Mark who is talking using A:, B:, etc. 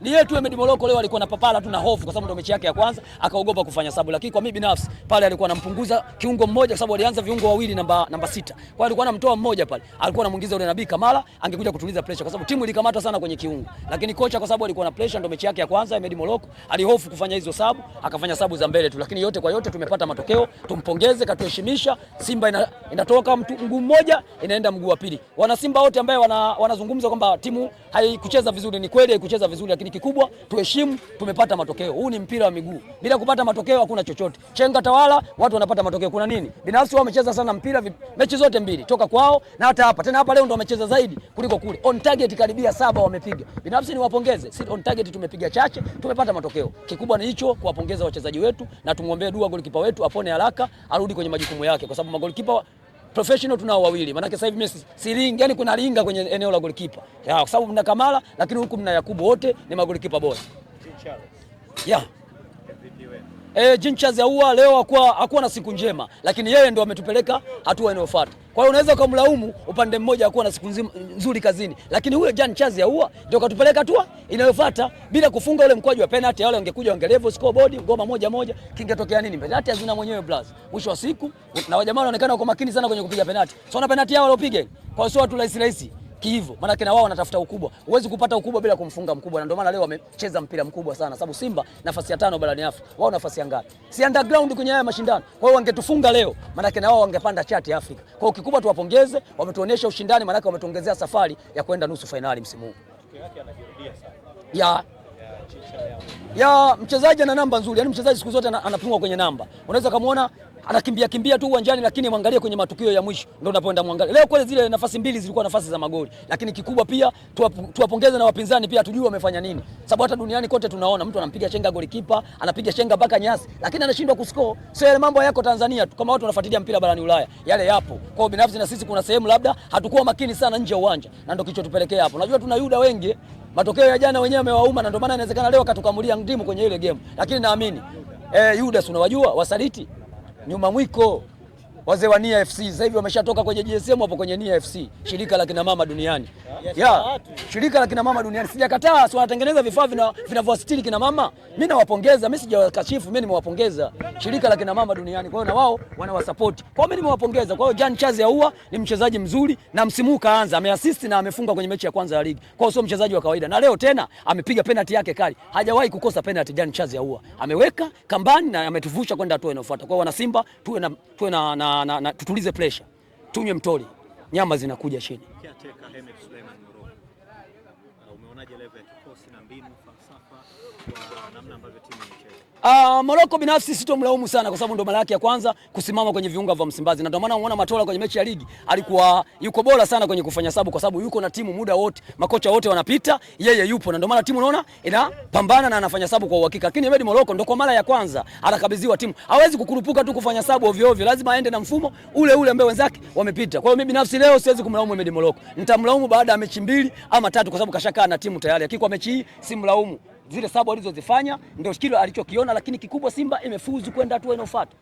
A: Ni yeye tu Ahmed Moroko leo alikuwa na papala tu na hofu kwa sababu ndio mechi yake ya kwanza, akaogopa kufanya sabu, lakini kwa mimi binafsi pale alikuwa anampunguza kiungo mmoja kwa sababu alianza viungo wawili namba namba sita. Kwa alikuwa anamtoa mmoja pale. Alikuwa anamuingiza yule Nabii Kamara angekuja kutuliza pressure kwa sababu timu ilikamata sana kwenye kiungo. Lakini kocha kwa sababu alikuwa na pressure ndio mechi yake ya kwanza Ahmed Moroko, alihofu kufanya hizo sabu, akafanya sabu za mbele tu. Lakini yote kwa yote tumepata matokeo, tumpongeze, katuheshimisha. Simba ina, inatoka mtu mguu mmoja inaenda mguu wa pili. Wana Simba wote ambao wanazungumza wana kwamba timu haikucheza vizuri ni kweli haikucheza vizuri vizuri, lakini kikubwa tuheshimu, tumepata matokeo. Huu ni mpira wa miguu, bila kupata matokeo hakuna chochote. Chenga tawala, watu wanapata matokeo, kuna nini? Binafsi wao wamecheza sana mpira, mechi zote mbili toka kwao na hata hapa tena, hapa leo ndo wamecheza zaidi kuliko kule. On target karibia saba wamepiga, binafsi niwapongeze. Si on target tumepiga chache, tumepata matokeo. Kikubwa ni hicho, kuwapongeza wachezaji wetu na tumwombee dua golikipa wetu apone haraka, arudi kwenye majukumu yake, kwa sababu magolikipa professional tunao wawili, maana sasa hivi Messi silingi, yani kuna linga kwenye eneo la golikipa kwa sababu mna Kamala, lakini huku mna Yakubu, wote ni magolikipa bora. Yeah e, Jinchaz Ahoua leo hakuwa hakuwa na siku njema, lakini yeye ndo ametupeleka hatua inayofuata. Kwa hiyo unaweza ukamlaumu upande mmoja hakuwa na siku nzuri kazini, lakini huyo Jinchaz Ahoua ndio katupeleka hatua inayofuata. Bila kufunga ule mkwaju wa penalty, wale wangekuja wangelevel scoreboard ngoma moja moja, kingetokea nini? Penalty hazina mwenyewe blaz. Mwisho wa siku na wajamaa wanaonekana wako makini sana kwenye kupiga penalty, sio na penalty yao waliopiga kwa sio watu rahisi rahisi kihivyo, maanake na wao wanatafuta ukubwa. Huwezi kupata ukubwa bila kumfunga mkubwa, na ndio maana leo wamecheza mpira mkubwa sana, sababu Simba nafasi ya tano barani Afrika, wao nafasi ya ngapi? Si underground kwenye haya mashindano. Kwa hiyo wangetufunga leo, maanake na wao wangepanda chati ya Afrika. Kwa hiyo kikubwa tuwapongeze, wametuonyesha ushindani, maanake wametuongezea safari ya kwenda nusu fainali msimu huu ya ya mchezaji ana namba nzuri, yani mchezaji siku zote anapimwa kwenye namba. Unaweza kumuona anakimbia kimbia tu uwanjani, lakini mwangalie kwenye matukio ya mwisho ndio unapoenda mwangalie. Leo kweli zile nafasi mbili zilikuwa nafasi za magoli, lakini kikubwa pia tuwapongeze na wapinzani pia, tujue wamefanya nini, sababu hata duniani kote tunaona mtu anampiga chenga golikipa, anapiga chenga mpaka nyasi, lakini anashindwa kuscore. Sio yale mambo yako Tanzania tu, kama watu wanafuatilia mpira barani Ulaya, yale yapo kwao. Binafsi na sisi kuna sehemu labda hatukuwa makini sana nje ya uwanja, na ndio kilichotupelekea hapo. Najua tuna yuda wengi matokeo ya jana wenyewe amewauma, na ndio maana inawezekana leo akatukamulia ndimu kwenye ile game, lakini naamini eh, Yudas unawajua wasaliti nyuma mwiko wazee wa Nia FC sasa hivi wameshatoka kwenye GSM hapo kwenye Nia FC, shirika la kina mama duniani ya yeah. shirika la kina mama duniani sijakataa, si wanatengeneza vifaa vina, vinavyowasitiri kina mama. Mimi nawapongeza, mimi sijawakashifu, mimi nimewapongeza shirika la kina mama duniani. Kwa hiyo na wao wanawasupport, kwa mimi nimewapongeza. Kwa hiyo Jan Charles Ahoua ni mchezaji mzuri na msimu kaanza, ameassist na amefunga kwenye mechi ya kwanza ya ligi, kwa hiyo sio mchezaji wa kawaida, na leo tena amepiga penalty yake kali, hajawahi kukosa penalty. Jan Charles Ahoua ameweka kambani na ametuvusha kwenda hatua inayofuata. Kwa hiyo wana Simba tuwe na, tuwe na, na na, na, tutulize pressure, tunywe mtoli, nyama zinakuja chini. Uh, umeonaje level ya kikosi na mbinu, falsafa, namna ambavyo timu inacheza? Uh, Morocco binafsi sitomlaumu sana kwa sababu ndo mara yake ya kwanza kusimama kwenye viunga vya Msimbazi na ndio maana unaona Matola kwenye mechi ya ligi alikuwa yuko bora sana kwenye kufanya sabu kwa sababu yuko na timu muda wote, makocha wote wanapita, yeye yupo na ndio maana timu unaona inapambana na anafanya sabu kwa uhakika. Lakini Ahmed Morocco ndo kwa mara ya kwanza anakabidhiwa timu. Hawezi kukurupuka tu kufanya sabu ovyo ovyo, lazima aende na mfumo ule ule ambao wenzake wamepita. Kwa hiyo mimi binafsi leo siwezi kumlaumu Ahmed Morocco. Nitamlaumu baada ya mechi mbili ama tatu kwa sababu kashakaa na timu tayari. Hakika mechi hii simlaumu zile sabu alizozifanya ndio kile alichokiona, lakini kikubwa Simba imefuzu kwenda hatua inayofuata.